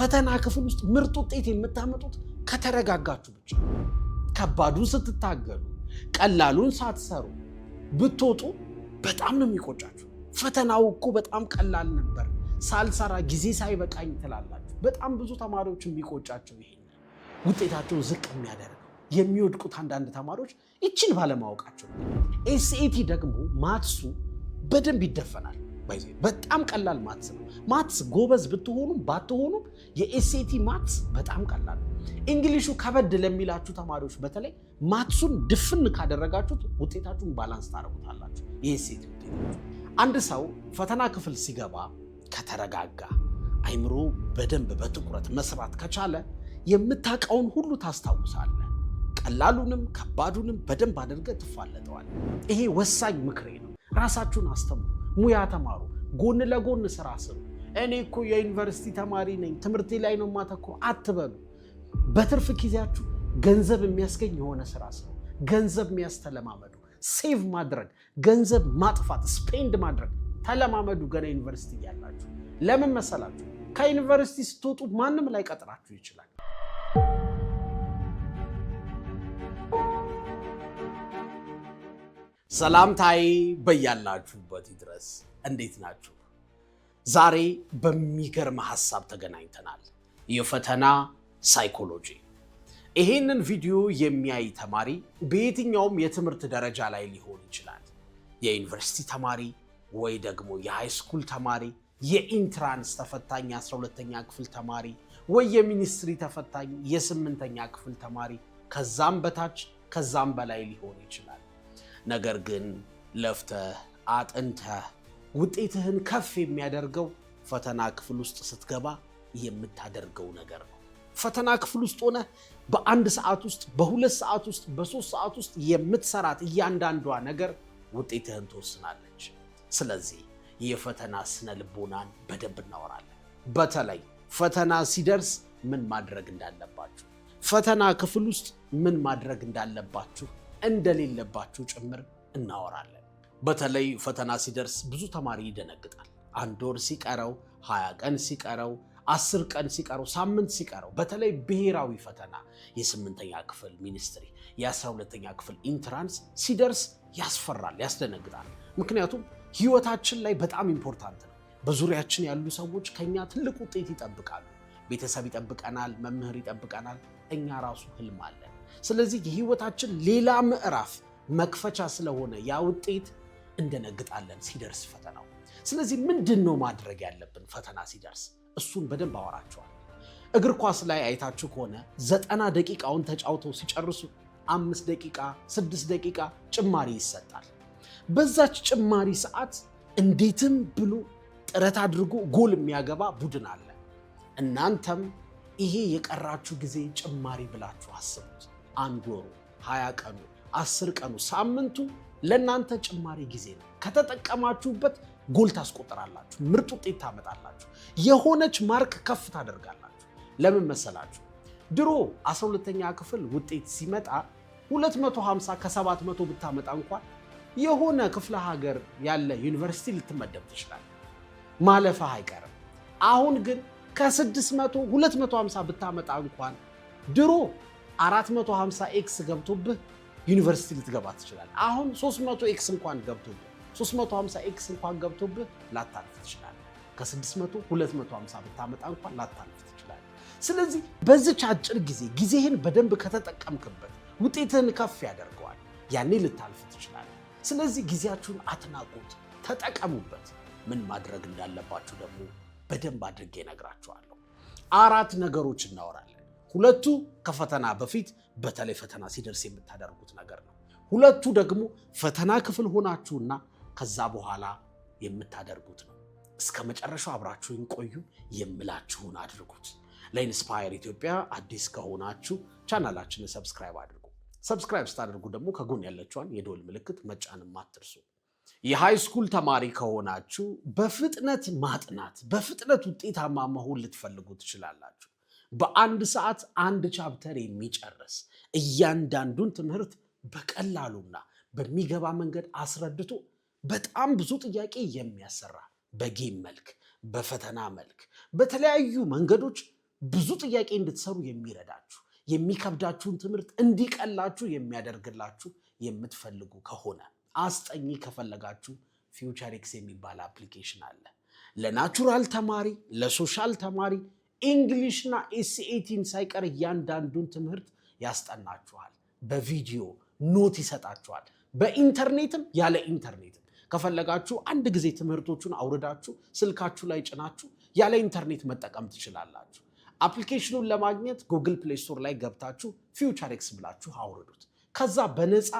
ፈተና ክፍል ውስጥ ምርጥ ውጤት የምታመጡት ከተረጋጋችሁ ብቻ። ከባዱን ስትታገሉ፣ ቀላሉን ሳትሰሩ ብትወጡ በጣም ነው የሚቆጫችሁ። ፈተናው እኮ በጣም ቀላል ነበር፣ ሳልሰራ ጊዜ ሳይበቃኝ ትላላችሁ። በጣም ብዙ ተማሪዎች የሚቆጫቸው ይሄ ውጤታቸውን ዝቅ የሚያደርግ የሚወድቁት አንዳንድ ተማሪዎች ይችን ባለማወቃቸው። ኤስኤቲ ደግሞ ማትሱ በደንብ ይደፈናል። ባይዜ በጣም ቀላል ማትስ ነው። ማትስ ጎበዝ ብትሆኑም ባትሆኑም የኤስኤቲ ማትስ በጣም ቀላል ነው። እንግሊሹ ከበድ ለሚላችሁ ተማሪዎች በተለይ ማትሱን ድፍን ካደረጋችሁት ውጤታችሁን ባላንስ ታደረጉታላችሁ። የኤስኤቲ ውጤት አንድ ሰው ፈተና ክፍል ሲገባ ከተረጋጋ አይምሮ በደንብ በትኩረት መስራት ከቻለ የምታውቀውን ሁሉ ታስታውሳለ። ቀላሉንም ከባዱንም በደንብ አድርገ ትፋለጠዋል። ይሄ ወሳኝ ምክሬ ነው። ራሳችሁን አስተምሩ። ሙያ ተማሩ፣ ጎን ለጎን ስራ ስሩ። እኔ እኮ የዩኒቨርሲቲ ተማሪ ነኝ ትምህርቴ ላይ ነው ማተኮር አትበሉ። በትርፍ ጊዜያችሁ ገንዘብ የሚያስገኝ የሆነ ስራ ስሩ። ገንዘብ የሚያስተለማመዱ ሴቭ ማድረግ፣ ገንዘብ ማጥፋት፣ ስፔንድ ማድረግ ተለማመዱ። ገና ዩኒቨርሲቲ እያላችሁ ለምን መሰላችሁ? ከዩኒቨርሲቲ ስትወጡ ማንም ላይ ቀጥራችሁ ይችላል ሰላምታዬ በያላችሁበት ድረስ እንዴት ናችሁ? ዛሬ በሚገርም ሀሳብ ተገናኝተናል። የፈተና ሳይኮሎጂ። ይሄንን ቪዲዮ የሚያይ ተማሪ በየትኛውም የትምህርት ደረጃ ላይ ሊሆን ይችላል። የዩኒቨርሲቲ ተማሪ ወይ ደግሞ የሃይስኩል ተማሪ፣ የኢንትራንስ ተፈታኝ የ 12 ክፍል ተማሪ ወይ የሚኒስትሪ ተፈታኝ የስምንተኛ ክፍል ተማሪ፣ ከዛም በታች ከዛም በላይ ሊሆን ይችላል። ነገር ግን ለፍተህ አጥንተህ ውጤትህን ከፍ የሚያደርገው ፈተና ክፍል ውስጥ ስትገባ የምታደርገው ነገር ነው። ፈተና ክፍል ውስጥ ሆነ በአንድ ሰዓት ውስጥ፣ በሁለት ሰዓት ውስጥ፣ በሶስት ሰዓት ውስጥ የምትሰራት እያንዳንዷ ነገር ውጤትህን ትወስናለች። ስለዚህ የፈተና ስነ ልቦናን በደንብ እናወራለን። በተለይ ፈተና ሲደርስ ምን ማድረግ እንዳለባችሁ፣ ፈተና ክፍል ውስጥ ምን ማድረግ እንዳለባችሁ እንደሌለባችሁ ጭምር እናወራለን። በተለይ ፈተና ሲደርስ ብዙ ተማሪ ይደነግጣል። አንድ ወር ሲቀረው፣ ሀያ ቀን ሲቀረው፣ አስር ቀን ሲቀረው፣ ሳምንት ሲቀረው በተለይ ብሔራዊ ፈተና የስምንተኛ ክፍል ሚኒስትሪ፣ የአስራ ሁለተኛ ክፍል ኢንትራንስ ሲደርስ ያስፈራል፣ ያስደነግጣል። ምክንያቱም ህይወታችን ላይ በጣም ኢምፖርታንት ነው። በዙሪያችን ያሉ ሰዎች ከኛ ትልቅ ውጤት ይጠብቃሉ። ቤተሰብ ይጠብቀናል፣ መምህር ይጠብቀናል፣ እኛ ራሱ ህልም አለን። ስለዚህ የህይወታችን ሌላ ምዕራፍ መክፈቻ ስለሆነ ያ ውጤት እንደነግጣለን ሲደርስ ፈተናው። ስለዚህ ምንድን ነው ማድረግ ያለብን ፈተና ሲደርስ? እሱን በደንብ አወራቸዋል። እግር ኳስ ላይ አይታችሁ ከሆነ ዘጠና ደቂቃውን ተጫውተው ሲጨርሱ አምስት ደቂቃ ስድስት ደቂቃ ጭማሪ ይሰጣል። በዛች ጭማሪ ሰዓት እንዴትም ብሎ ጥረት አድርጎ ጎል የሚያገባ ቡድን አለ። እናንተም ይሄ የቀራችሁ ጊዜ ጭማሪ ብላችሁ አስቡት። አንድ ወሩ፣ ሀያ ቀኑ፣ አስር ቀኑ፣ ሳምንቱ ለእናንተ ጭማሪ ጊዜ ነው። ከተጠቀማችሁበት ጎል ታስቆጥራላችሁ፣ ምርጥ ውጤት ታመጣላችሁ፣ የሆነች ማርክ ከፍ ታደርጋላችሁ። ለምን መሰላችሁ? ድሮ 12 ኛ ክፍል ውጤት ሲመጣ 250 ከ700 ብታመጣ እንኳን የሆነ ክፍለ ሀገር ያለ ዩኒቨርሲቲ ልትመደብ ትችላል፣ ማለፈ አይቀርም። አሁን ግን ከ600 250 ብታመጣ እንኳን ድሮ 450 ኤክስ ገብቶብህ ዩኒቨርሲቲ ልትገባ ትችላለህ። አሁን 300 ኤክስ እንኳን ገብቶብህ 350 ኤክስ እንኳን ገብቶብህ ላታልፍ ትችላለህ። ከ600 250 ብታመጣ እንኳን ላታልፍ ትችላለህ። ስለዚህ በዚች አጭር ጊዜ ጊዜህን በደንብ ከተጠቀምክበት ውጤትህን ከፍ ያደርገዋል። ያኔ ልታልፍ ትችላለህ። ስለዚህ ጊዜያችሁን አትናቁት፣ ተጠቀሙበት። ምን ማድረግ እንዳለባችሁ ደግሞ በደንብ አድርጌ እነግራችኋለሁ። አራት ነገሮች እናወራለን። ሁለቱ ከፈተና በፊት በተለይ ፈተና ሲደርስ የምታደርጉት ነገር ነው። ሁለቱ ደግሞ ፈተና ክፍል ሆናችሁና ከዛ በኋላ የምታደርጉት ነው። እስከ መጨረሻው አብራችሁን ቆዩ። የምላችሁን አድርጉት። ለኢንስፓየር ኢትዮጵያ አዲስ ከሆናችሁ ቻናላችንን ሰብስክራይብ አድርጉ። ሰብስክራይብ ስታደርጉ ደግሞ ከጎን ያለችዋን የደወል ምልክት መጫንም አትርሱ። የሃይ ስኩል ተማሪ ከሆናችሁ በፍጥነት ማጥናት፣ በፍጥነት ውጤታማ መሆን ልትፈልጉ ትችላላችሁ። በአንድ ሰዓት አንድ ቻፕተር የሚጨርስ እያንዳንዱን ትምህርት በቀላሉና በሚገባ መንገድ አስረድቶ በጣም ብዙ ጥያቄ የሚያሰራ በጌም መልክ፣ በፈተና መልክ፣ በተለያዩ መንገዶች ብዙ ጥያቄ እንድትሰሩ የሚረዳችሁ የሚከብዳችሁን ትምህርት እንዲቀላችሁ የሚያደርግላችሁ የምትፈልጉ ከሆነ አስጠኚ ከፈለጋችሁ ፊውቸር ኤክስ የሚባል አፕሊኬሽን አለ። ለናቹራል ተማሪ፣ ለሶሻል ተማሪ ኢንግሊሽና ኤስኤቲን ሳይቀር እያንዳንዱን ትምህርት ያስጠናችኋል። በቪዲዮ ኖት ይሰጣችኋል። በኢንተርኔትም ያለ ኢንተርኔትም ከፈለጋችሁ አንድ ጊዜ ትምህርቶቹን አውርዳችሁ ስልካችሁ ላይ ጭናችሁ ያለ ኢንተርኔት መጠቀም ትችላላችሁ። አፕሊኬሽኑን ለማግኘት ጉግል ፕሌይ ስቶር ላይ ገብታችሁ ፊውቸር ኤክስ ብላችሁ አውርዱት። ከዛ በነፃ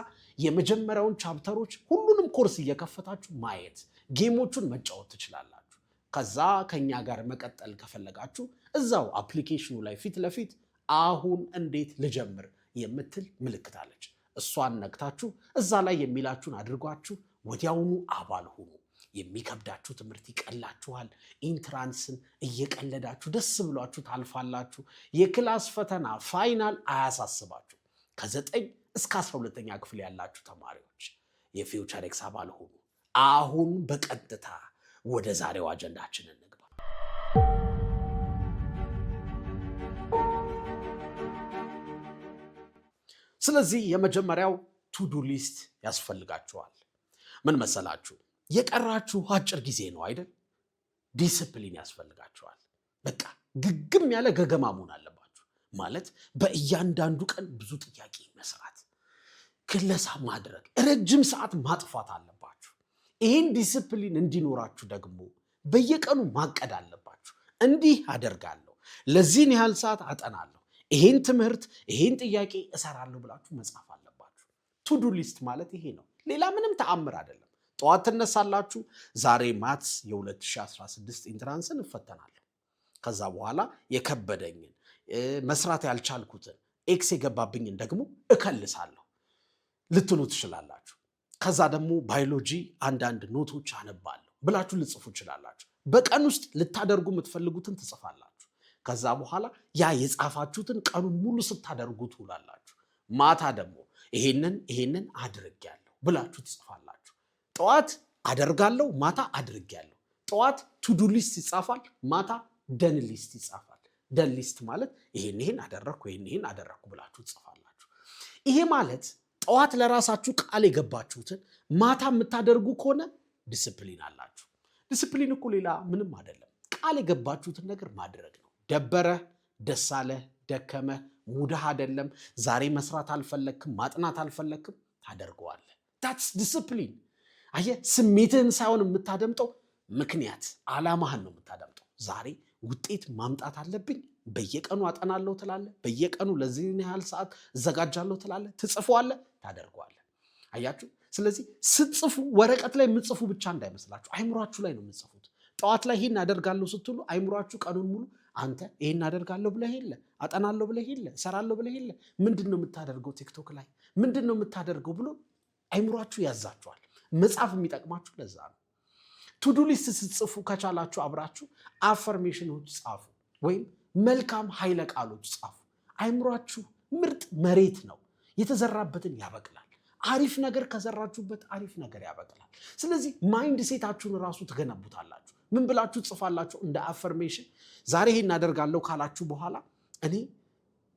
የመጀመሪያውን ቻፕተሮች ሁሉንም ኮርስ እየከፈታችሁ ማየት፣ ጌሞቹን መጫወት ትችላላችሁ። ከዛ ከኛ ጋር መቀጠል ከፈለጋችሁ እዛው አፕሊኬሽኑ ላይ ፊት ለፊት አሁን እንዴት ልጀምር የምትል ምልክት አለች። እሷን ነግታችሁ እዛ ላይ የሚላችሁን አድርጓችሁ ወዲያውኑ አባል ሁኑ። የሚከብዳችሁ ትምህርት ይቀላችኋል። ኢንትራንስን እየቀለዳችሁ ደስ ብሏችሁ ታልፋላችሁ። የክላስ ፈተና ፋይናል አያሳስባችሁ። ከዘጠኝ እስከ አስራ ሁለተኛ ክፍል ያላችሁ ተማሪዎች የፊውቸር ኤክስ አባል ሁኑ አሁን በቀጥታ ወደ ዛሬው አጀንዳችን እንግባ። ስለዚህ የመጀመሪያው ቱዱ ሊስት ያስፈልጋችኋል። ምን መሰላችሁ? የቀራችሁ አጭር ጊዜ ነው አይደል? ዲስፕሊን ያስፈልጋችኋል። በቃ ግግም ያለ ገገማ መሆን አለባችሁ። ማለት በእያንዳንዱ ቀን ብዙ ጥያቄ መስራት፣ ክለሳ ማድረግ፣ ረጅም ሰዓት ማጥፋት አለባችሁ። ይህን ዲስፕሊን እንዲኖራችሁ ደግሞ በየቀኑ ማቀድ አለባችሁ። እንዲህ አደርጋለሁ፣ ለዚህን ያህል ሰዓት አጠናለሁ፣ ይሄን ትምህርት ይሄን ጥያቄ እሰራለሁ ብላችሁ መጻፍ አለባችሁ። ቱዱ ሊስት ማለት ይሄ ነው። ሌላ ምንም ተአምር አይደለም። ጠዋት ትነሳላችሁ። ዛሬ ማትስ የ2016 ኢንትራንስን እፈተናለሁ። ከዛ በኋላ የከበደኝን መስራት ያልቻልኩትን ኤክስ የገባብኝን ደግሞ እከልሳለሁ። ልትሉ ትችላላችሁ። ከዛ ደግሞ ባዮሎጂ አንዳንድ ኖቶች አነባለሁ ብላችሁ ልጽፉ ይችላላችሁ። በቀን ውስጥ ልታደርጉ የምትፈልጉትን ትጽፋላችሁ። ከዛ በኋላ ያ የጻፋችሁትን ቀኑን ሙሉ ስታደርጉ ትውላላችሁ። ማታ ደግሞ ይሄንን ይሄንን አድርጌያለሁ ብላችሁ ትጽፋላችሁ። ጠዋት አደርጋለሁ፣ ማታ አድርጌያለሁ። ጠዋት ቱዱ ሊስት ይጻፋል፣ ማታ ደን ሊስት ይጻፋል። ደን ሊስት ማለት ይሄን ይሄን አደረግኩ ይሄን ይሄን አደረግኩ ብላችሁ ትጽፋላችሁ። ይሄ ማለት ጠዋት ለራሳችሁ ቃል የገባችሁትን ማታ የምታደርጉ ከሆነ ዲስፕሊን አላችሁ። ዲስፕሊን እኮ ሌላ ምንም አይደለም፣ ቃል የገባችሁትን ነገር ማድረግ ነው። ደበረህ፣ ደስ አለህ፣ ደከመህ፣ ሙዳህ አይደለም፣ ዛሬ መስራት አልፈለግክም፣ ማጥናት አልፈለግክም፣ ታደርገዋለህ። ታትስ ዲስፕሊን። አየህ፣ ስሜትህን ሳይሆን የምታደምጠው ምክንያት አላማህን ነው የምታደምጠው። ዛሬ ውጤት ማምጣት አለብኝ በየቀኑ አጠናለሁ ትላለ በየቀኑ ለዚህን ያህል ሰዓት እዘጋጃለሁ ትላለ ትጽፈዋለህ፣ ታደርገዋለ። አያችሁ። ስለዚህ ስትጽፉ ወረቀት ላይ የምትጽፉ ብቻ እንዳይመስላችሁ፣ አይምሯችሁ ላይ ነው የምትጽፉት። ጠዋት ላይ ይህን አደርጋለሁ ስትሉ አይምሯችሁ ቀኑን ሙሉ አንተ ይህን አደርጋለሁ ብለህ የለ አጠናለሁ ብለህ የለ እሰራለሁ ብለህ የለ ምንድን ነው የምታደርገው ቲክቶክ ላይ ምንድን ነው የምታደርገው ብሎ አይምሯችሁ ያዛችኋል። መጽሐፍ የሚጠቅማችሁ ለዛ ነው። ቱዱ ሊስት ስትጽፉ ከቻላችሁ አብራችሁ አፈርሜሽኖች ጻፉ ወይም መልካም ኃይለ ቃሎች ጻፉ። አይምሯችሁ ምርጥ መሬት ነው፣ የተዘራበትን ያበቅላል። አሪፍ ነገር ከዘራችሁበት አሪፍ ነገር ያበቅላል። ስለዚህ ማይንድ ሴታችሁን ራሱ ትገነቡታላችሁ። ምን ብላችሁ ትጽፋላችሁ? እንደ አፈርሜሽን ዛሬ ይሄን እናደርጋለሁ ካላችሁ በኋላ እኔ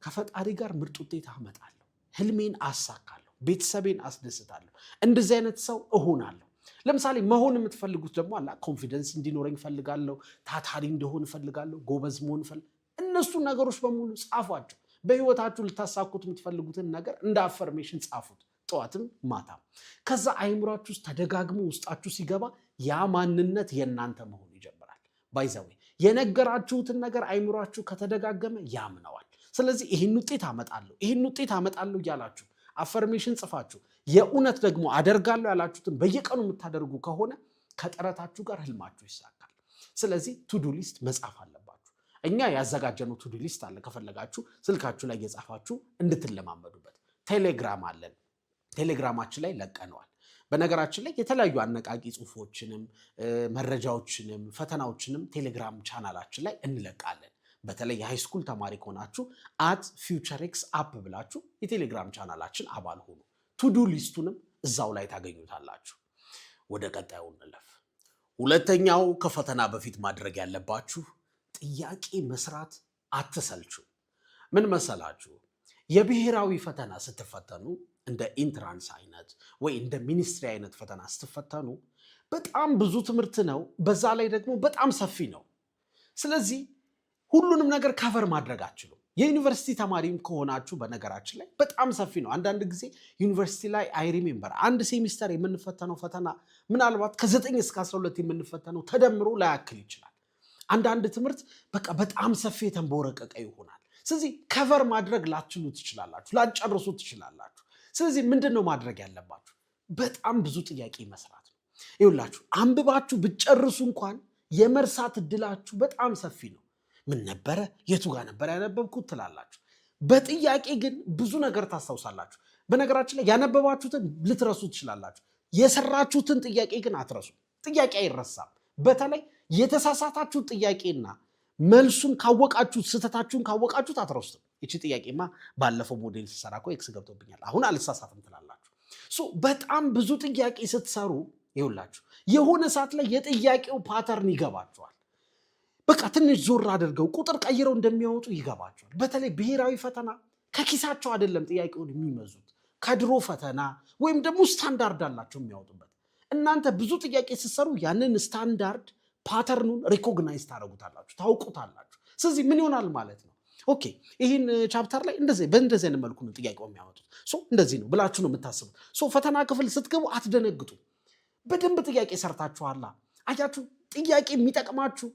ከፈጣሪ ጋር ምርጥ ውጤት አመጣለሁ፣ ህልሜን አሳካለሁ፣ ቤተሰቤን አስደስታለሁ፣ እንደዚህ አይነት ሰው እሆናለሁ። ለምሳሌ መሆን የምትፈልጉት ደግሞ አላ ኮንፊደንስ እንዲኖረኝ ፈልጋለሁ፣ ታታሪ እንደሆን ፈልጋለሁ፣ ጎበዝ መሆን ፈልጋለሁ እነሱን ነገሮች በሙሉ ጻፏቸው። በህይወታችሁ ልታሳኩት የምትፈልጉትን ነገር እንደ አፈርሜሽን ጻፉት፣ ጠዋትም ማታም። ከዛ አይምሯችሁ ውስጥ ተደጋግሞ ውስጣችሁ ሲገባ ያ ማንነት የእናንተ መሆኑ ይጀምራል። ባይዘዌ የነገራችሁትን ነገር አይምሯችሁ ከተደጋገመ ያምነዋል። ስለዚህ ይህን ውጤት አመጣለሁ፣ ይህን ውጤት አመጣለሁ እያላችሁ አፈርሜሽን ጽፋችሁ የእውነት ደግሞ አደርጋለሁ ያላችሁትን በየቀኑ የምታደርጉ ከሆነ ከጥረታችሁ ጋር ህልማችሁ ይሳካል። ስለዚህ ቱዱ ሊስት መጻፍ አለ እኛ ያዘጋጀነው ቱዱ ሊስት አለ። ከፈለጋችሁ ስልካችሁ ላይ እየጻፋችሁ እንድትለማመዱበት። ቴሌግራም አለን። ቴሌግራማችን ላይ ለቀነዋል። በነገራችን ላይ የተለያዩ አነቃቂ ጽሁፎችንም መረጃዎችንም ፈተናዎችንም ቴሌግራም ቻናላችን ላይ እንለቃለን። በተለይ የሃይስኩል ተማሪ ከሆናችሁ አት ፊውቸርክስ አፕ ብላችሁ የቴሌግራም ቻናላችን አባል ሆኑ። ቱዱ ሊስቱንም እዛው ላይ ታገኙታላችሁ። ወደ ቀጣዩ እንለፍ። ሁለተኛው ከፈተና በፊት ማድረግ ያለባችሁ ጥያቄ መስራት አትሰልቹ። ምን መሰላችሁ? የብሔራዊ ፈተና ስትፈተኑ እንደ ኢንትራንስ አይነት ወይ እንደ ሚኒስትሪ አይነት ፈተና ስትፈተኑ በጣም ብዙ ትምህርት ነው። በዛ ላይ ደግሞ በጣም ሰፊ ነው። ስለዚህ ሁሉንም ነገር ካቨር ማድረግ አችሉም። የዩኒቨርሲቲ ተማሪም ከሆናችሁ በነገራችን ላይ በጣም ሰፊ ነው። አንዳንድ ጊዜ ዩኒቨርሲቲ ላይ አይ ሪሜምበር አንድ ሴሚስተር የምንፈተነው ፈተና ምናልባት ከዘጠኝ እስከ አስራ ሁለት የምንፈተነው ተደምሮ ላያክል ይችላል። አንዳንድ ትምህርት በቃ በጣም ሰፊ የተንበረቀቀ ይሆናል። ስለዚህ ከቨር ማድረግ ላትችሉ ትችላላችሁ፣ ላጨርሱ ትችላላችሁ። ስለዚህ ምንድን ነው ማድረግ ያለባችሁ? በጣም ብዙ ጥያቄ መስራት ነው። ይሁላችሁ አንብባችሁ ብጨርሱ እንኳን የመርሳት እድላችሁ በጣም ሰፊ ነው። ምን ነበረ፣ የቱ ጋር ነበር ያነበብኩት ትላላችሁ። በጥያቄ ግን ብዙ ነገር ታስታውሳላችሁ። በነገራችን ላይ ያነበባችሁትን ልትረሱ ትችላላችሁ። የሰራችሁትን ጥያቄ ግን አትረሱ። ጥያቄ አይረሳም። በተለይ የተሳሳታችሁ ጥያቄና መልሱን ካወቃችሁት ስህተታችሁን ካወቃችሁት አትረሱትም። ይቺ ጥያቄማ ባለፈው ሞዴል ስሰራ እኮ ኤክስ ገብቶብኛል አሁን አልሳሳትም ትላላችሁ። በጣም ብዙ ጥያቄ ስትሰሩ ይውላችሁ የሆነ ሰዓት ላይ የጥያቄው ፓተርን ይገባችኋል። በቃ ትንሽ ዞር አድርገው ቁጥር ቀይረው እንደሚያወጡ ይገባቸዋል። በተለይ ብሔራዊ ፈተና ከኪሳቸው አይደለም ጥያቄውን የሚመዙት ከድሮ ፈተና ወይም ደግሞ ስታንዳርድ አላቸው የሚያወጡበት። እናንተ ብዙ ጥያቄ ስትሰሩ ያንን ስታንዳርድ ፓተርኑን ሪኮግናይዝ ታደረጉታላችሁ፣ ታውቁታላችሁ። ስለዚህ ምን ይሆናል ማለት ነው። ኦኬ ይህን ቻፕተር ላይ እንደዚህ በእንደዚህ አይነት መልኩ ነው ጥያቄው የሚያመጡት። ሶ እንደዚህ ነው ብላችሁ ነው የምታስቡት። ሶ ፈተና ክፍል ስትገቡ አትደነግጡ። በደንብ ጥያቄ ሰርታችኋላ። አያችሁ፣ ጥያቄ የሚጠቅማችሁ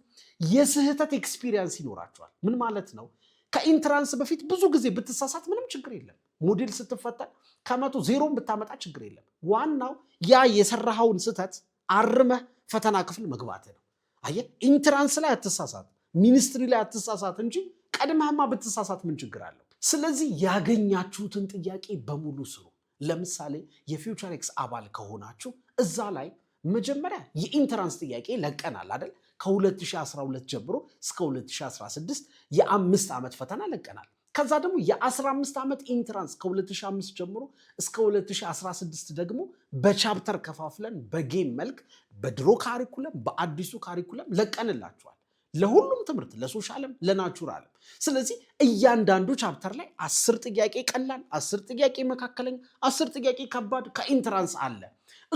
የስህተት ኤክስፒሪየንስ ይኖራችኋል። ምን ማለት ነው? ከኢንትራንስ በፊት ብዙ ጊዜ ብትሳሳት ምንም ችግር የለም። ሞዴል ስትፈተን ከመቶ ዜሮን ብታመጣ ችግር የለም። ዋናው ያ የሰራኸውን ስህተት አርመህ ፈተና ክፍል መግባት ነው። አየህ፣ ኢንትራንስ ላይ አትሳሳት፣ ሚኒስትሪ ላይ አትሳሳት እንጂ ቀድመህማ ብትሳሳት ምን ችግር አለው? ስለዚህ ያገኛችሁትን ጥያቄ በሙሉ ስሩ። ለምሳሌ የፊውቸር ኤክስ አባል ከሆናችሁ እዛ ላይ መጀመሪያ የኢንትራንስ ጥያቄ ለቀናል አይደል? ከ2012 ጀምሮ እስከ 2016 የአምስት ዓመት ፈተና ለቀናል። ከዛ ደግሞ የ15 ዓመት ኢንትራንስ ከ2005 ጀምሮ እስከ 2016 ደግሞ በቻፕተር ከፋፍለን በጌም መልክ በድሮ ካሪኩለም በአዲሱ ካሪኩለም ለቀንላቸዋል። ለሁሉም ትምህርት ለሶሻልም ለናቹራልም። ስለዚህ እያንዳንዱ ቻፕተር ላይ አስር ጥያቄ ቀላል፣ አስር ጥያቄ መካከለኛ፣ አስር ጥያቄ ከባድ ከኢንትራንስ አለ።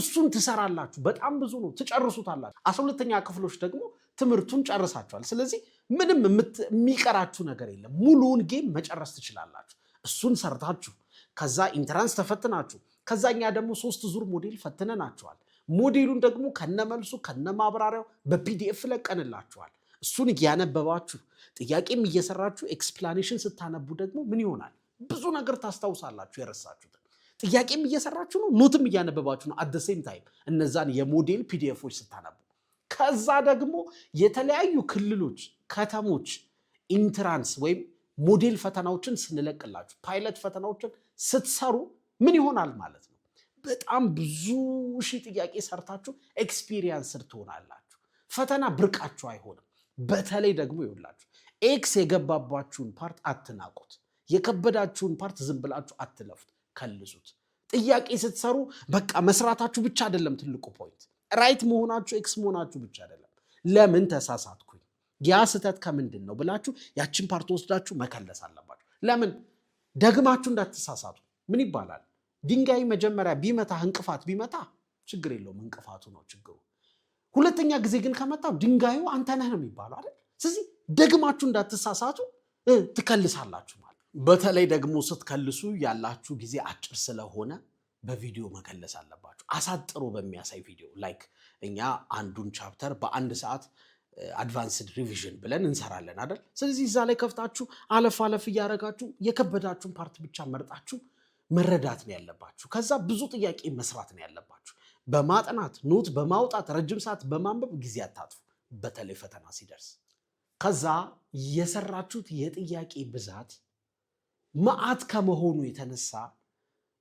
እሱን ትሰራላችሁ። በጣም ብዙ ነው፣ ትጨርሱታላችሁ። አስራ ሁለተኛ ክፍሎች ደግሞ ትምህርቱን ጨርሳችኋል። ስለዚህ ምንም የሚቀራችሁ ነገር የለም። ሙሉውን ጌም መጨረስ ትችላላችሁ። እሱን ሰርታችሁ ከዛ ኢንትራንስ ተፈትናችሁ ከዛ እኛ ደግሞ ሶስት ዙር ሞዴል ፈትነናችኋል። ሞዴሉን ደግሞ ከነመልሱ ከነማብራሪያው በፒዲኤፍ ለቀንላችኋል። እሱን እያነበባችሁ ጥያቄም እየሰራችሁ ኤክስፕላኔሽን ስታነቡ ደግሞ ምን ይሆናል? ብዙ ነገር ታስታውሳላችሁ የረሳችሁት ጥያቄም እየሰራችሁ ነው፣ ኖትም እያነበባችሁ ነው። አደሴም ታይም እነዛን የሞዴል ፒዲኤፎች ስታነቡ ከዛ ደግሞ የተለያዩ ክልሎች፣ ከተሞች ኢንትራንስ ወይም ሞዴል ፈተናዎችን ስንለቅላችሁ ፓይለት ፈተናዎችን ስትሰሩ ምን ይሆናል ማለት ነው? በጣም ብዙ ሺህ ጥያቄ ሰርታችሁ ኤክስፒሪየንስር ትሆናላችሁ። ፈተና ብርቃችሁ አይሆንም። በተለይ ደግሞ ይውላችሁ ኤክስ የገባባችሁን ፓርት አትናቁት። የከበዳችሁን ፓርት ዝም ብላችሁ አትለፉት፣ ከልሱት። ጥያቄ ስትሰሩ በቃ መስራታችሁ ብቻ አይደለም ትልቁ ፖይንት ራይት መሆናችሁ ኤክስ መሆናችሁ ብቻ አይደለም። ለምን ተሳሳትኩኝ፣ ያ ስህተት ከምንድን ነው ብላችሁ ያችን ፓርት ወስዳችሁ መከለስ አለባችሁ። ለምን ደግማችሁ እንዳትሳሳቱ። ምን ይባላል? ድንጋይ መጀመሪያ ቢመታ እንቅፋት ቢመታ ችግር የለውም እንቅፋቱ ነው ችግሩ። ሁለተኛ ጊዜ ግን ከመታው ድንጋዩ አንተ ነህ ነው የሚባለው አይደል? ስለዚህ ደግማችሁ እንዳትሳሳቱ ትከልሳላችሁ ማለት። በተለይ ደግሞ ስትከልሱ ያላችሁ ጊዜ አጭር ስለሆነ በቪዲዮ መከለስ አለባችሁ። አሳጥሮ በሚያሳይ ቪዲዮ ላይክ እኛ አንዱን ቻፕተር በአንድ ሰዓት አድቫንስድ ሪቪዥን ብለን እንሰራለን አይደል? ስለዚህ እዛ ላይ ከፍታችሁ አለፍ አለፍ እያደረጋችሁ የከበዳችሁን ፓርት ብቻ መርጣችሁ መረዳት ነው ያለባችሁ። ከዛ ብዙ ጥያቄ መስራት ነው ያለባችሁ። በማጥናት ኖት በማውጣት ረጅም ሰዓት በማንበብ ጊዜ አታጥፉ፣ በተለይ ፈተና ሲደርስ። ከዛ የሰራችሁት የጥያቄ ብዛት መዓት ከመሆኑ የተነሳ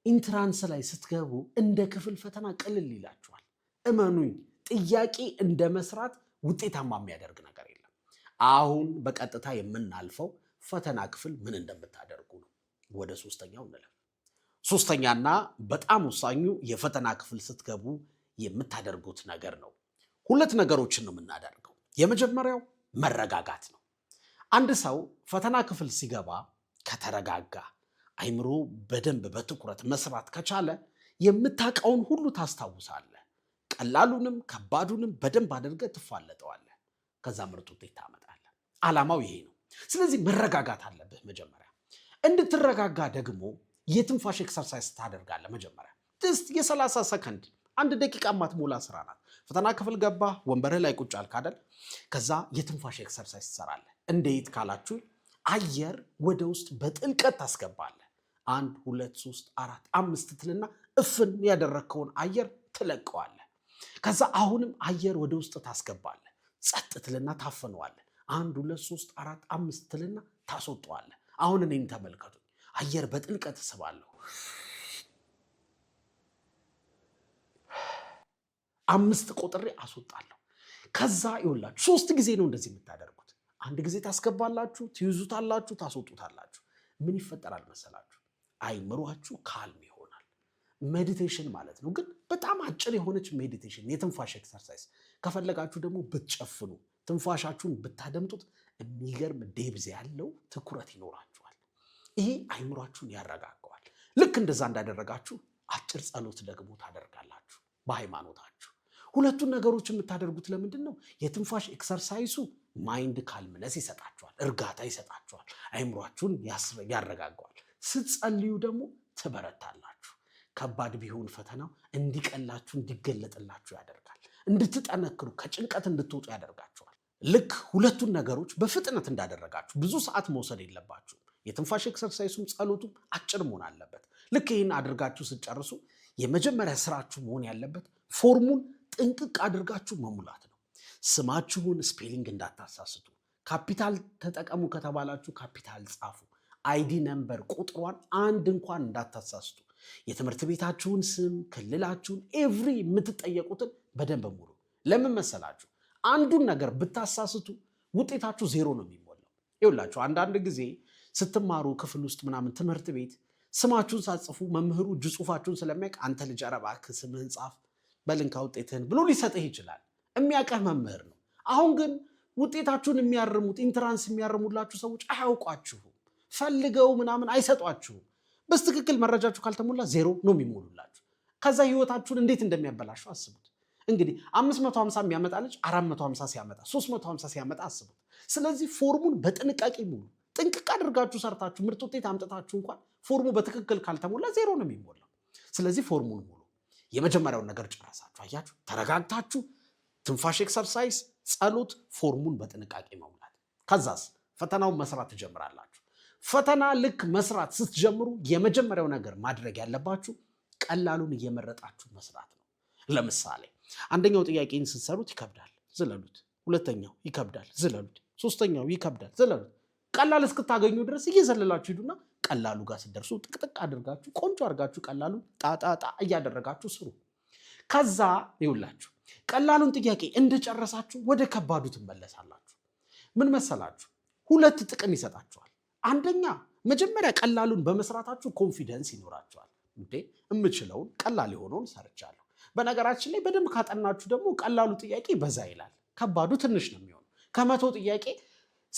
ኢንትራንስ ላይ ስትገቡ እንደ ክፍል ፈተና ቅልል ይላችኋል። እመኑኝ፣ ጥያቄ እንደ መስራት ውጤታማ የሚያደርግ ነገር የለም። አሁን በቀጥታ የምናልፈው ፈተና ክፍል ምን እንደምታደርጉ ነው። ወደ ሶስተኛው እንለፍ። ሶስተኛና በጣም ወሳኙ የፈተና ክፍል ስትገቡ የምታደርጉት ነገር ነው። ሁለት ነገሮችን ነው የምናደርገው። የመጀመሪያው መረጋጋት ነው። አንድ ሰው ፈተና ክፍል ሲገባ ከተረጋጋ አይምሮ በደንብ በትኩረት መስራት ከቻለ የምታውቀውን ሁሉ ታስታውሳለ። ቀላሉንም ከባዱንም በደንብ አድርገ ትፋለጠዋለ ከዛ ምርጥ ውጤት ታመጣለ። አላማው ይሄ ነው። ስለዚህ መረጋጋት አለብህ መጀመሪያ። እንድትረጋጋ ደግሞ የትንፋሽ ኤክሰርሳይዝ ታደርጋለ መጀመሪያ ትስት የ30 ሰከንድ አንድ ደቂቃ ማትሞላ ስራ ናት። ፈተና ክፍል ገባ፣ ወንበርህ ላይ ቁጭ አልክ አይደል? ከዛ የትንፋሽ ኤክሰርሳይዝ ትሰራለህ። እንዴት ካላችሁ አየር ወደ ውስጥ በጥልቀት ታስገባለህ። አንድ ሁለት ሶስት አራት አምስት ትልና እፍን ያደረግከውን አየር ትለቀዋለ። ከዛ አሁንም አየር ወደ ውስጥ ታስገባለ ጸጥ ትልና ታፍነዋለህ። አንድ ሁለት ሶስት አራት አምስት ትልና ታስወጠዋለ። አሁን እኔም ተመልከቱኝ። አየር በጥልቀት እስባለሁ። አምስት ቆጥሬ አስወጣለሁ። ከዛ ይውላችሁ ሶስት ጊዜ ነው እንደዚህ የምታደርጉት። አንድ ጊዜ ታስገባላችሁ፣ ትይዙታላችሁ፣ ታስወጡታላችሁ። ምን ይፈጠራል መሰላችሁ? አይምሯችሁ ካልም ይሆናል። ሜዲቴሽን ማለት ነው፣ ግን በጣም አጭር የሆነች ሜዲቴሽን የትንፋሽ ኤክሰርሳይዝ ከፈለጋችሁ ደግሞ ብትጨፍኑ ትንፋሻችሁን ብታደምጡት የሚገርም ዴብዝ ያለው ትኩረት ይኖራችኋል። ይሄ አይምሯችሁን ያረጋገዋል። ልክ እንደዛ እንዳደረጋችሁ አጭር ጸሎት ደግሞ ታደርጋላችሁ በሃይማኖታችሁ። ሁለቱን ነገሮች የምታደርጉት ለምንድን ነው? የትንፋሽ ኤክሰርሳይሱ ማይንድ ካልምነስ ይሰጣችኋል፣ እርጋታ ይሰጣችኋል፣ አይምሯችሁን ያረጋገዋል። ስትጸልዩ ደግሞ ትበረታላችሁ። ከባድ ቢሆን ፈተናው እንዲቀላችሁ እንዲገለጥላችሁ ያደርጋል። እንድትጠነክሩ ከጭንቀት እንድትወጡ ያደርጋችኋል። ልክ ሁለቱን ነገሮች በፍጥነት እንዳደረጋችሁ ብዙ ሰዓት መውሰድ የለባችሁም። የትንፋሽ ኤክሰርሳይሱም ጸሎቱም አጭር መሆን አለበት። ልክ ይህን አድርጋችሁ ስትጨርሱ የመጀመሪያ ስራችሁ መሆን ያለበት ፎርሙን ጥንቅቅ አድርጋችሁ መሙላት ነው። ስማችሁን ስፔሊንግ እንዳታሳስቱ። ካፒታል ተጠቀሙ ከተባላችሁ ካፒታል ጻፉ። አይዲ ነንበር ቁጥሯን አንድ እንኳን እንዳታሳስቱ። የትምህርት ቤታችሁን ስም፣ ክልላችሁን፣ ኤቭሪ የምትጠየቁትን በደንብ ሙሉ። ለምን መሰላችሁ? አንዱን ነገር ብታሳስቱ ውጤታችሁ ዜሮ ነው የሚሞላው። ይውላችሁ አንዳንድ ጊዜ ስትማሩ ክፍል ውስጥ ምናምን ትምህርት ቤት ስማችሁን ሳጽፉ መምህሩ እጅ ጽሁፋችሁን ስለሚያውቅ አንተ ልጅ እባክህ ስምህን ጻፍ በልንካ ውጤትህን ብሎ ሊሰጥህ ይችላል። የሚያውቅህ መምህር ነው። አሁን ግን ውጤታችሁን የሚያርሙት ኢንትራንስ የሚያርሙላችሁ ሰዎች አያውቋችሁ። ፈልገው ምናምን አይሰጧችሁም። በስትክክል መረጃችሁ ካልተሞላ ዜሮ ነው የሚሞሉላችሁ። ከዛ ህይወታችሁን እንዴት እንደሚያበላሹ አስቡት። እንግዲህ 550 የሚያመጣ ልጅ 450 ሲያመጣ 350 ሲያመጣ አስቡት። ስለዚህ ፎርሙን በጥንቃቄ ሙሉ። ጥንቅቅ አድርጋችሁ ሰርታችሁ ምርት ውጤት አምጥታችሁ እንኳን ፎርሙ በትክክል ካልተሞላ ዜሮ ነው የሚሞላው። ስለዚህ ፎርሙን ሙሉ። የመጀመሪያውን ነገር ጨረሳችሁ፣ አያችሁ፣ ተረጋግታችሁ፣ ትንፋሽ ኤክሰርሳይዝ፣ ጸሎት፣ ፎርሙን በጥንቃቄ መሙላት። ከዛስ ፈተናውን መስራት ትጀምራላችሁ። ፈተና ልክ መስራት ስትጀምሩ የመጀመሪያው ነገር ማድረግ ያለባችሁ ቀላሉን እየመረጣችሁ መስራት ነው። ለምሳሌ አንደኛው ጥያቄን ስትሰሩት ይከብዳል፣ ዝለሉት። ሁለተኛው ይከብዳል፣ ዝለሉት። ሶስተኛው ይከብዳል፣ ዝለሉት። ቀላል እስክታገኙ ድረስ እየዘለላችሁ ሂዱና ቀላሉ ጋር ሲደርሱ ጥቅጥቅ አድርጋችሁ ቆንጆ አድርጋችሁ ቀላሉ ጣጣጣ እያደረጋችሁ ስሩ። ከዛ ይውላችሁ ቀላሉን ጥያቄ እንደጨረሳችሁ ወደ ከባዱ ትመለሳላችሁ። ምን መሰላችሁ? ሁለት ጥቅም ይሰጣችኋል። አንደኛ መጀመሪያ ቀላሉን በመስራታችሁ ኮንፊደንስ ይኖራቸዋል። እንዴ የምችለውን ቀላል የሆነውን ሰርቻለሁ። በነገራችን ላይ በደንብ ካጠናችሁ ደግሞ ቀላሉ ጥያቄ በዛ ይላል፣ ከባዱ ትንሽ ነው የሚሆነው። ከመቶ ጥያቄ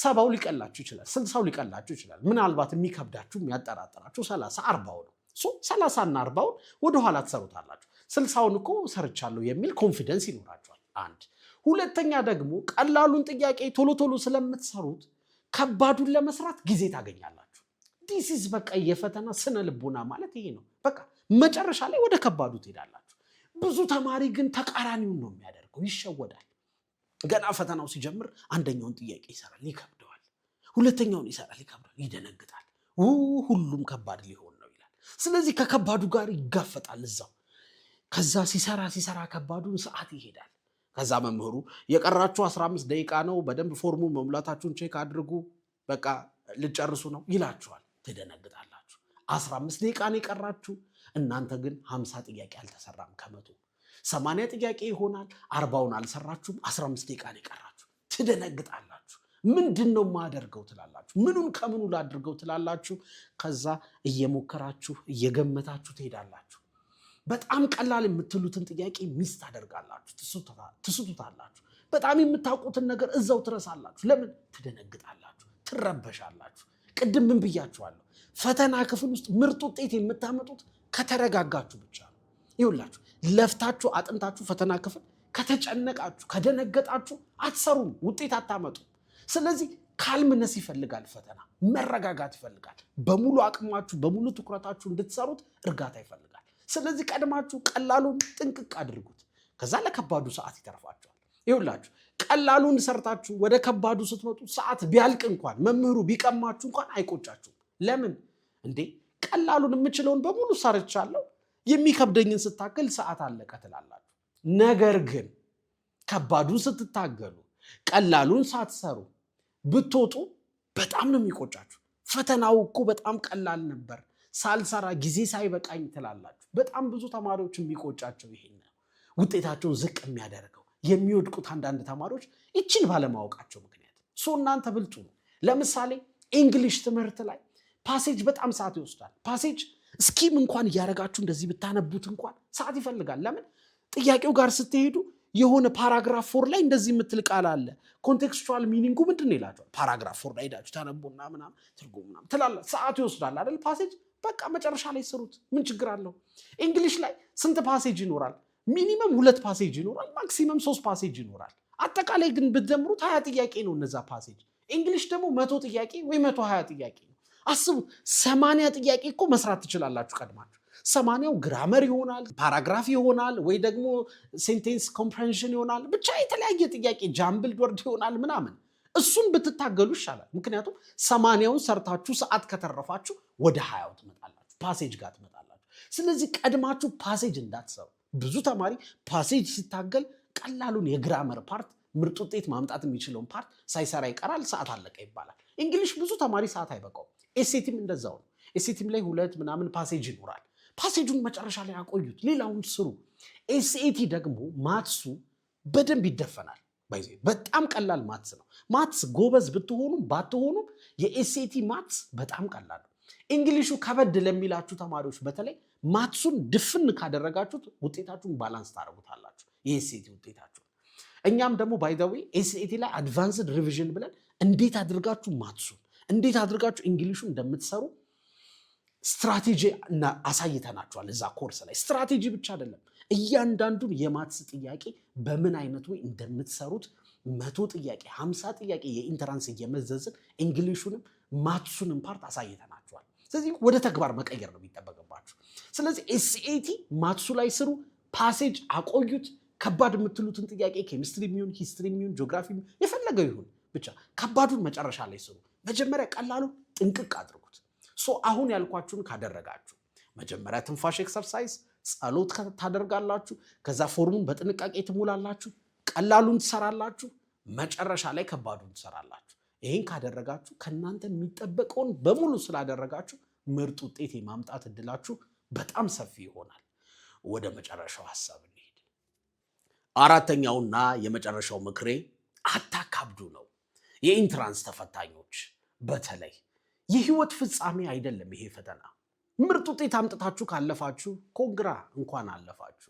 ሰባው ሊቀላችሁ ይችላል፣ ስልሳው ሊቀላችሁ ይችላል። ምናልባት የሚከብዳችሁ የሚያጠራጥራችሁ ሰላሳ አርባው ነው። እና አርባውን ወደኋላ ትሰሩታላችሁ። ስልሳውን እኮ ሰርቻለሁ የሚል ኮንፊደንስ ይኖራቸዋል። አንድ ሁለተኛ ደግሞ ቀላሉን ጥያቄ ቶሎ ቶሎ ስለምትሰሩት ከባዱን ለመስራት ጊዜ ታገኛላችሁ። ዲሲዝ በቃ የፈተና ስነ ልቡና ማለት ይሄ ነው። በቃ መጨረሻ ላይ ወደ ከባዱ ትሄዳላችሁ። ብዙ ተማሪ ግን ተቃራኒውን ነው የሚያደርገው፣ ይሸወዳል። ገና ፈተናው ሲጀምር አንደኛውን ጥያቄ ይሰራል፣ ይከብደዋል። ሁለተኛውን ይሰራል፣ ይከብደዋል፣ ይደነግጣል። ሁሉም ከባድ ሊሆን ነው ይላል። ስለዚህ ከከባዱ ጋር ይጋፈጣል እዛው። ከዛ ሲሰራ ሲሰራ ከባዱን ሰዓት ይሄዳል። ከዛ መምህሩ የቀራችሁ 15 ደቂቃ ነው፣ በደንብ ፎርሙ መሙላታችሁን ቼክ አድርጉ፣ በቃ ልጨርሱ ነው ይላችኋል። ትደነግጣላችሁ። 15 ደቂቃ ነው የቀራችሁ። እናንተ ግን 50 ጥያቄ አልተሰራም ከመቶ 80 ጥያቄ ይሆናል። አርባውን አልሰራችሁም። 15 ደቂቃ ነው የቀራችሁ። ትደነግጣላችሁ። ምንድን ነው ማደርገው ትላላችሁ። ምኑን ከምኑ ላድርገው ትላላችሁ። ከዛ እየሞከራችሁ እየገመታችሁ ትሄዳላችሁ። በጣም ቀላል የምትሉትን ጥያቄ ሚስ ታደርጋላችሁ፣ ትስቱታላችሁ። በጣም የምታውቁትን ነገር እዛው ትረሳላችሁ። ለምን? ትደነግጣላችሁ፣ ትረበሻላችሁ። ቅድም ምን ብያችኋለሁ? ፈተና ክፍል ውስጥ ምርጥ ውጤት የምታመጡት ከተረጋጋችሁ ብቻ ነው። ይሁላችሁ ለፍታችሁ አጥንታችሁ ፈተና ክፍል ከተጨነቃችሁ ከደነገጣችሁ አትሰሩም፣ ውጤት አታመጡም። ስለዚህ ካልምነስ ይፈልጋል ፈተና፣ መረጋጋት ይፈልጋል። በሙሉ አቅማችሁ በሙሉ ትኩረታችሁ እንድትሰሩት እርጋታ ይፈልጋል። ስለዚህ ቀድማችሁ ቀላሉን ጥንቅቅ አድርጉት። ከዛ ለከባዱ ሰዓት ይተርፋችኋል። ይሁላችሁ ቀላሉን ሰርታችሁ ወደ ከባዱ ስትመጡ ሰዓት ቢያልቅ እንኳን መምህሩ ቢቀማችሁ እንኳን አይቆጫችሁም። ለምን እንዴ ቀላሉን የምችለውን በሙሉ ሰርቻለሁ፣ የሚከብደኝን ስታክል ሰዓት አለቀ ትላላችሁ። ነገር ግን ከባዱን ስትታገሉ ቀላሉን ሳትሰሩ ብትወጡ በጣም ነው የሚቆጫችሁ። ፈተናው እኮ በጣም ቀላል ነበር ሳልሰራ ጊዜ ሳይበቃኝ ትላላችሁ። በጣም ብዙ ተማሪዎች የሚቆጫቸው ነው፣ ውጤታቸውን ዝቅ የሚያደርገው የሚወድቁት አንዳንድ ተማሪዎች ይችን ባለማወቃቸው ምክንያት እሱ እናንተ ብልጡ ነው። ለምሳሌ እንግሊሽ ትምህርት ላይ ፓሴጅ በጣም ሰዓት ይወስዳል። ፓሴጅ ስኪም እንኳን እያደረጋችሁ እንደዚህ ብታነቡት እንኳን ሰዓት ይፈልጋል። ለምን ጥያቄው ጋር ስትሄዱ የሆነ ፓራግራፍ ፎር ላይ እንደዚህ የምትል ቃል አለ። ኮንቴክስቹዋል ሚኒንጉ ምንድን ነው ይላቸዋል። ፓራግራፍ ፎር ላይ ሄዳችሁ ታነቡና ምናምን ትርጉም ምናምን ትላላ። ይወስዳል አይደል ፓሴጅ በቃ መጨረሻ ላይ ስሩት። ምን ችግር አለው? እንግሊሽ ላይ ስንት ፓሴጅ ይኖራል? ሚኒመም ሁለት ፓሴጅ ይኖራል። ማክሲመም ሶስት ፓሴጅ ይኖራል። አጠቃላይ ግን ብትደምሩት ሀያ ጥያቄ ነው እነዛ ፓሴጅ። እንግሊሽ ደግሞ መቶ ጥያቄ ወይ መቶ ሀያ ጥያቄ ነው። አስቡ ሰማንያ ጥያቄ እኮ መስራት ትችላላችሁ ቀድማችሁ። ሰማንያው ግራመር ይሆናል፣ ፓራግራፍ ይሆናል፣ ወይ ደግሞ ሴንቴንስ ኮምፕሬንሽን ይሆናል። ብቻ የተለያየ ጥያቄ ጃምብል ወርድ ይሆናል ምናምን እሱን ብትታገሉ ይሻላል። ምክንያቱም ሰማንያውን ሰርታችሁ ሰዓት ከተረፋችሁ ወደ ሀያው ትመጣላችሁ፣ ፓሴጅ ጋር ትመጣላችሁ። ስለዚህ ቀድማችሁ ፓሴጅ እንዳትሰሩ። ብዙ ተማሪ ፓሴጅ ሲታገል ቀላሉን የግራመር ፓርት ምርጥ ውጤት ማምጣት የሚችለውን ፓርት ሳይሰራ ይቀራል። ሰዓት አለቀ ይባላል። እንግሊሽ ብዙ ተማሪ ሰዓት አይበቃውም። ኤሴቲም እንደዛው ነው። ኤሴቲም ላይ ሁለት ምናምን ፓሴጅ ይኖራል። ፓሴጁን መጨረሻ ላይ አቆዩት፣ ሌላውን ስሩ። ኤስኤቲ ደግሞ ማትሱ በደንብ ይደፈናል። ባይዜ በጣም ቀላል ማትስ ነው። ማትስ ጎበዝ ብትሆኑም ባትሆኑም የኤስኤቲ ማትስ በጣም ቀላል ነው። እንግሊሹ ከበድ ለሚላችሁ ተማሪዎች በተለይ ማትሱን ድፍን ካደረጋችሁት ውጤታችሁን ባላንስ ታደርጉታላችሁ፣ የኤስኤቲ ውጤታችሁ። እኛም ደግሞ ባይዘዊ ኤስኤቲ ላይ አድቫንስድ ሪቪዥን ብለን እንዴት አድርጋችሁ ማትሱን እንዴት አድርጋችሁ እንግሊሹን እንደምትሰሩ ስትራቴጂ አሳይተናችኋል። እዛ ኮርስ ላይ ስትራቴጂ ብቻ አይደለም እያንዳንዱን የማትስ ጥያቄ በምን አይነት ወይ እንደምትሰሩት መቶ ጥያቄ ሀምሳ ጥያቄ የኢንተራንስ እየመዘዝን እንግሊሹንም ማትሱንም ፓርት አሳይተናቸዋል። ስለዚህ ወደ ተግባር መቀየር ነው የሚጠበቅባችሁ። ስለዚህ ኤስኤቲ ማትሱ ላይ ስሩ፣ ፓሴጅ አቆዩት። ከባድ የምትሉትን ጥያቄ ኬሚስትሪ የሚሆን ሂስትሪ የሚሆን ጂኦግራፊ የፈለገው ይሁን ብቻ ከባዱን መጨረሻ ላይ ስሩ። መጀመሪያ ቀላሉ ጥንቅቅ አድርጉት። ሶ አሁን ያልኳችሁን ካደረጋችሁ መጀመሪያ ትንፋሽ ኤክሰርሳይዝ ጸሎት ታደርጋላችሁ። ከዛ ፎርሙን በጥንቃቄ ትሙላላችሁ። ቀላሉን ትሰራላችሁ፣ መጨረሻ ላይ ከባዱን ትሰራላችሁ። ይህን ካደረጋችሁ ከእናንተ የሚጠበቀውን በሙሉ ስላደረጋችሁ ምርጥ ውጤት የማምጣት እድላችሁ በጣም ሰፊ ይሆናል። ወደ መጨረሻው ሀሳብ እንሄድ። አራተኛውና የመጨረሻው ምክሬ አታካብዱ ነው። የኢንትራንስ ተፈታኞች በተለይ የህይወት ፍጻሜ አይደለም ይሄ ፈተና ምርጥ ውጤት አምጥታችሁ ካለፋችሁ ኮንግራ እንኳን አለፋችሁ፣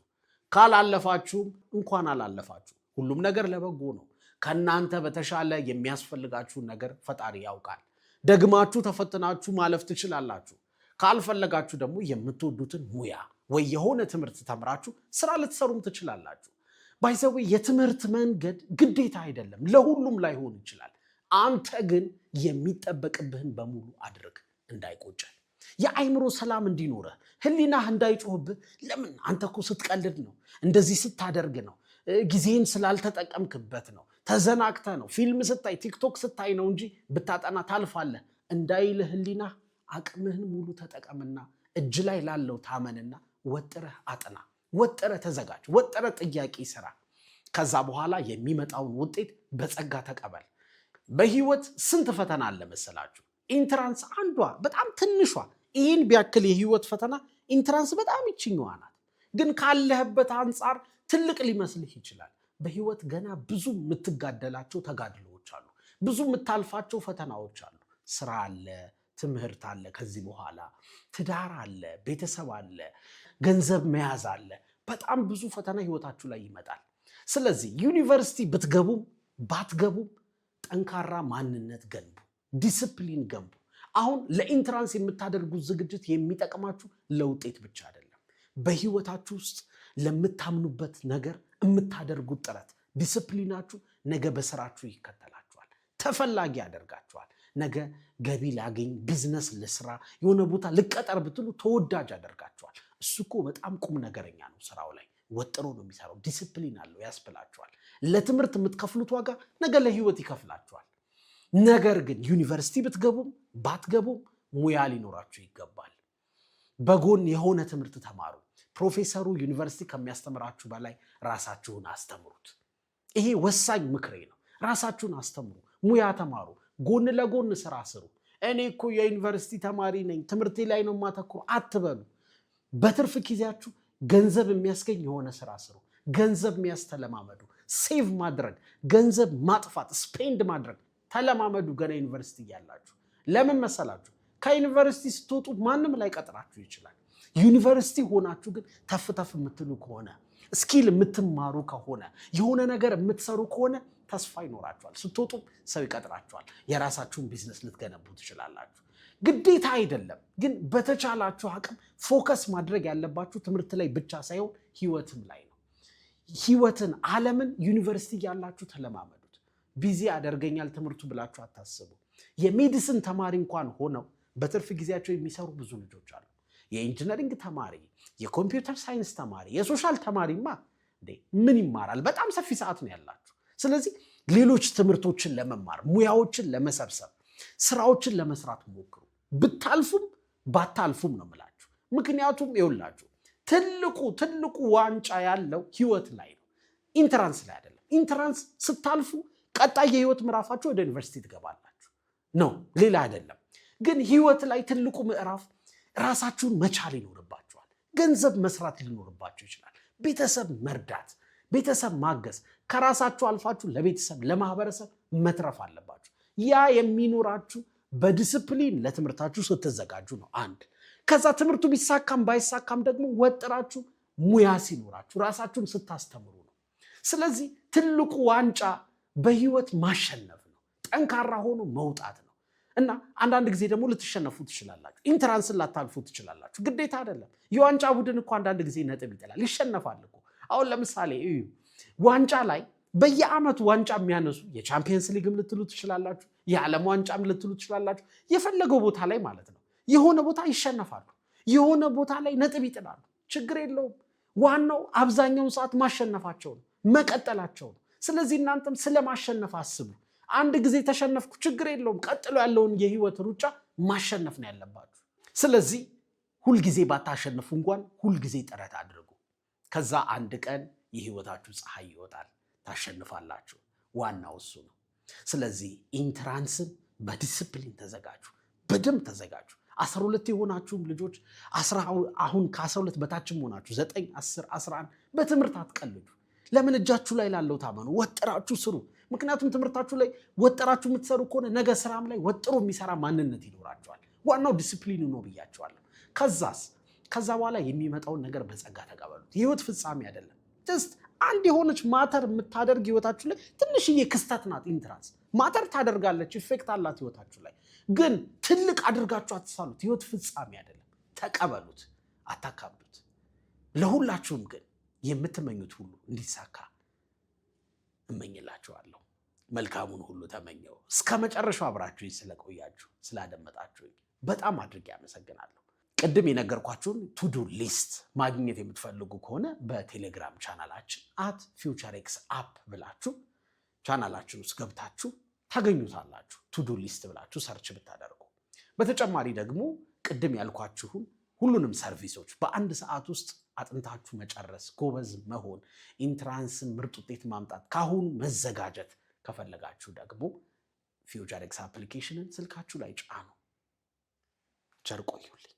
ካላለፋችሁም እንኳን አላለፋችሁ። ሁሉም ነገር ለበጎ ነው። ከእናንተ በተሻለ የሚያስፈልጋችሁን ነገር ፈጣሪ ያውቃል። ደግማችሁ ተፈትናችሁ ማለፍ ትችላላችሁ። ካልፈለጋችሁ ደግሞ የምትወዱትን ሙያ ወይ የሆነ ትምህርት ተምራችሁ ስራ ልትሰሩም ትችላላችሁ። ባይዘዊ የትምህርት መንገድ ግዴታ አይደለም፣ ለሁሉም ላይሆን ይችላል። አንተ ግን የሚጠበቅብህን በሙሉ አድርግ እንዳይቆጨን የአይምሮ ሰላም እንዲኖረ ህሊናህ እንዳይጮህብህ። ለምን አንተ እኮ ስትቀልድ ነው፣ እንደዚህ ስታደርግ ነው፣ ጊዜን ስላልተጠቀምክበት ነው፣ ተዘናግተ ነው፣ ፊልም ስታይ፣ ቲክቶክ ስታይ ነው እንጂ ብታጠና ታልፋለህ እንዳይልህ ህሊናህ አቅምህን ሙሉ ተጠቀምና እጅ ላይ ላለው ታመንና ወጥረህ አጥና፣ ወጥረህ ተዘጋጅ፣ ወጥረህ ጥያቄ ስራ። ከዛ በኋላ የሚመጣውን ውጤት በጸጋ ተቀበል። በህይወት ስንት ፈተና አለ መሰላችሁ? ኢንትራንስ አንዷ በጣም ትንሿ ይህን ቢያክል የህይወት ፈተና ኢንትራንስ በጣም ይችኛዋ ናት። ግን ካለህበት አንጻር ትልቅ ሊመስልህ ይችላል። በህይወት ገና ብዙ የምትጋደላቸው ተጋድሎዎች አሉ። ብዙ የምታልፋቸው ፈተናዎች አሉ። ስራ አለ፣ ትምህርት አለ፣ ከዚህ በኋላ ትዳር አለ፣ ቤተሰብ አለ፣ ገንዘብ መያዝ አለ። በጣም ብዙ ፈተና ህይወታችሁ ላይ ይመጣል። ስለዚህ ዩኒቨርሲቲ ብትገቡም ባትገቡም ጠንካራ ማንነት ገንቡ። ዲስፕሊን ገቡ። አሁን ለኢንትራንስ የምታደርጉት ዝግጅት የሚጠቅማችሁ ለውጤት ብቻ አይደለም። በህይወታችሁ ውስጥ ለምታምኑበት ነገር የምታደርጉት ጥረት ዲስፕሊናችሁ ነገ በስራችሁ ይከተላችኋል፣ ተፈላጊ ያደርጋችኋል። ነገ ገቢ ላገኝ፣ ቢዝነስ ልስራ፣ የሆነ ቦታ ልቀጠር ብትሉ ተወዳጅ ያደርጋችኋል። እሱ እኮ በጣም ቁም ነገረኛ ነው። ስራው ላይ ወጥሮ ነው የሚሰራው። ዲስፕሊን አለው ያስብላችኋል። ለትምህርት የምትከፍሉት ዋጋ ነገ ለህይወት ይከፍላችኋል። ነገር ግን ዩኒቨርሲቲ ብትገቡም ባትገቡም ሙያ ሊኖራችሁ ይገባል። በጎን የሆነ ትምህርት ተማሩ። ፕሮፌሰሩ ዩኒቨርሲቲ ከሚያስተምራችሁ በላይ ራሳችሁን አስተምሩት። ይሄ ወሳኝ ምክሬ ነው። ራሳችሁን አስተምሩ፣ ሙያ ተማሩ፣ ጎን ለጎን ስራ ስሩ። እኔ እኮ የዩኒቨርሲቲ ተማሪ ነኝ ትምህርቴ ላይ ነው ማተኩሩ አትበሉ። በትርፍ ጊዜያችሁ ገንዘብ የሚያስገኝ የሆነ ስራ ስሩ። ገንዘብ የሚያስተለማመዱ ሴቭ ማድረግ፣ ገንዘብ ማጥፋት፣ ስፔንድ ማድረግ ተለማመዱ ገና ዩኒቨርሲቲ እያላችሁ። ለምን መሰላችሁ? ከዩኒቨርሲቲ ስትወጡ ማንም ላይ ቀጥራችሁ ይችላል። ዩኒቨርሲቲ ሆናችሁ ግን ተፍ ተፍ የምትሉ ከሆነ ስኪል የምትማሩ ከሆነ የሆነ ነገር የምትሰሩ ከሆነ ተስፋ ይኖራችኋል። ስትወጡም ሰው ይቀጥራችኋል። የራሳችሁን ቢዝነስ ልትገነቡ ትችላላችሁ። ግዴታ አይደለም ግን በተቻላችሁ አቅም ፎከስ ማድረግ ያለባችሁ ትምህርት ላይ ብቻ ሳይሆን ህይወትም ላይ ነው። ህይወትን፣ አለምን ዩኒቨርሲቲ ያላችሁ ተለማመዱ። ቢዚ ያደርገኛል ትምህርቱ ብላችሁ አታስቡ። የሜዲስን ተማሪ እንኳን ሆነው በትርፍ ጊዜያቸው የሚሰሩ ብዙ ልጆች አሉ። የኢንጂነሪንግ ተማሪ፣ የኮምፒውተር ሳይንስ ተማሪ፣ የሶሻል ተማሪማ ምን ይማራል? በጣም ሰፊ ሰዓት ነው ያላችሁ። ስለዚህ ሌሎች ትምህርቶችን ለመማር ሙያዎችን ለመሰብሰብ ስራዎችን ለመስራት ሞክሩ። ብታልፉም ባታልፉም ነው የምላችሁ። ምክንያቱም ይኸውላችሁ ትልቁ ትልቁ ዋንጫ ያለው ህይወት ላይ ነው፣ ኢንትራንስ ላይ አይደለም። ኢንትራንስ ስታልፉ ቀጣይ የህይወት ምዕራፋችሁ ወደ ዩኒቨርሲቲ ትገባላችሁ ነው፣ ሌላ አይደለም። ግን ህይወት ላይ ትልቁ ምዕራፍ ራሳችሁን መቻል ይኖርባችኋል። ገንዘብ መስራት ሊኖርባችሁ ይችላል። ቤተሰብ መርዳት፣ ቤተሰብ ማገዝ፣ ከራሳችሁ አልፋችሁ ለቤተሰብ ለማህበረሰብ መትረፍ አለባችሁ። ያ የሚኖራችሁ በዲስፕሊን ለትምህርታችሁ ስትዘጋጁ ነው። አንድ ከዛ ትምህርቱ ቢሳካም ባይሳካም ደግሞ ወጥራችሁ ሙያ ሲኖራችሁ ራሳችሁን ስታስተምሩ ነው። ስለዚህ ትልቁ ዋንጫ በህይወት ማሸነፍ ነው። ጠንካራ ሆኖ መውጣት ነው እና አንዳንድ ጊዜ ደግሞ ልትሸነፉ ትችላላችሁ። ኢንትራንስን ላታልፉ ትችላላችሁ። ግዴታ አይደለም። የዋንጫ ቡድን እኮ አንዳንድ ጊዜ ነጥብ ይጥላል፣ ይሸነፋል እኮ። አሁን ለምሳሌ እዩ ዋንጫ ላይ በየአመቱ ዋንጫ የሚያነሱ የቻምፒየንስ ሊግም ልትሉ ትችላላችሁ፣ የዓለም ዋንጫም ልትሉ ትችላላችሁ። የፈለገው ቦታ ላይ ማለት ነው። የሆነ ቦታ ይሸነፋሉ፣ የሆነ ቦታ ላይ ነጥብ ይጥላሉ። ችግር የለውም። ዋናው አብዛኛውን ሰዓት ማሸነፋቸው ነው፣ መቀጠላቸው ነው። ስለዚህ እናንተም ስለማሸነፍ አስቡ። አንድ ጊዜ ተሸነፍኩ ችግር የለውም፣ ቀጥሎ ያለውን የህይወት ሩጫ ማሸነፍ ነው ያለባችሁ። ስለዚህ ሁልጊዜ ባታሸንፉ እንኳን ሁልጊዜ ጥረት አድርጉ። ከዛ አንድ ቀን የህይወታችሁ ፀሐይ ይወጣል፣ ታሸንፋላችሁ። ዋናው እሱ ነው። ስለዚህ ኢንትራንስን በዲስፕሊን ተዘጋጁ፣ በደንብ ተዘጋጁ። አስራ ሁለት የሆናችሁም ልጆች አሁን ከአስራ ሁለት በታችም ሆናችሁ ዘጠኝ፣ አስር፣ አስራ አንድ በትምህርት አትቀልዱ። ለምን እጃችሁ ላይ ላለው ታመኑ፣ ወጥራችሁ ስሩ። ምክንያቱም ትምህርታችሁ ላይ ወጥራችሁ የምትሰሩ ከሆነ ነገ ስራም ላይ ወጥሮ የሚሰራ ማንነት ይኖራቸዋል። ዋናው ዲስፕሊኑ ነው ብያቸዋለሁ። ከዛስ ከዛ በኋላ የሚመጣውን ነገር በጸጋ ተቀበሉት። የህይወት ፍጻሜ አይደለም። ጀስት አንድ የሆነች ማተር የምታደርግ ህይወታችሁ ላይ ትንሽዬ ክስተት ናት። ኢንትራንስ ማተር ታደርጋለች፣ ኢፌክት አላት ህይወታችሁ ላይ ግን ትልቅ አድርጋችሁ አትሳሉት። ህይወት ፍጻሜ አይደለም። ተቀበሉት፣ አታካብዱት። ለሁላችሁም ግን የምትመኙት ሁሉ እንዲሳካ እመኝላችኋለሁ። መልካሙን ሁሉ ተመኘው። እስከ መጨረሻው አብራችሁኝ ስለቆያችሁ ስላደመጣችሁኝ በጣም አድርጌ አመሰግናለሁ። ቅድም የነገርኳችሁን ቱዱ ሊስት ማግኘት የምትፈልጉ ከሆነ በቴሌግራም ቻናላችን አት ፊውቸር ኤክስ አፕ ብላችሁ ቻናላችን ውስጥ ገብታችሁ ታገኙታላችሁ። ቱዱ ሊስት ብላችሁ ሰርች ብታደርጉ፣ በተጨማሪ ደግሞ ቅድም ያልኳችሁን ሁሉንም ሰርቪሶች በአንድ ሰዓት ውስጥ አጥንታችሁ መጨረስ፣ ጎበዝ መሆን፣ ኢንትራንስን ምርጥ ውጤት ማምጣት፣ ካሁኑ መዘጋጀት ከፈለጋችሁ ደግሞ ፊውቸር ኤክስ አፕሊኬሽንን ስልካችሁ ላይ ጫኑ። ቸር ቆዩልኝ።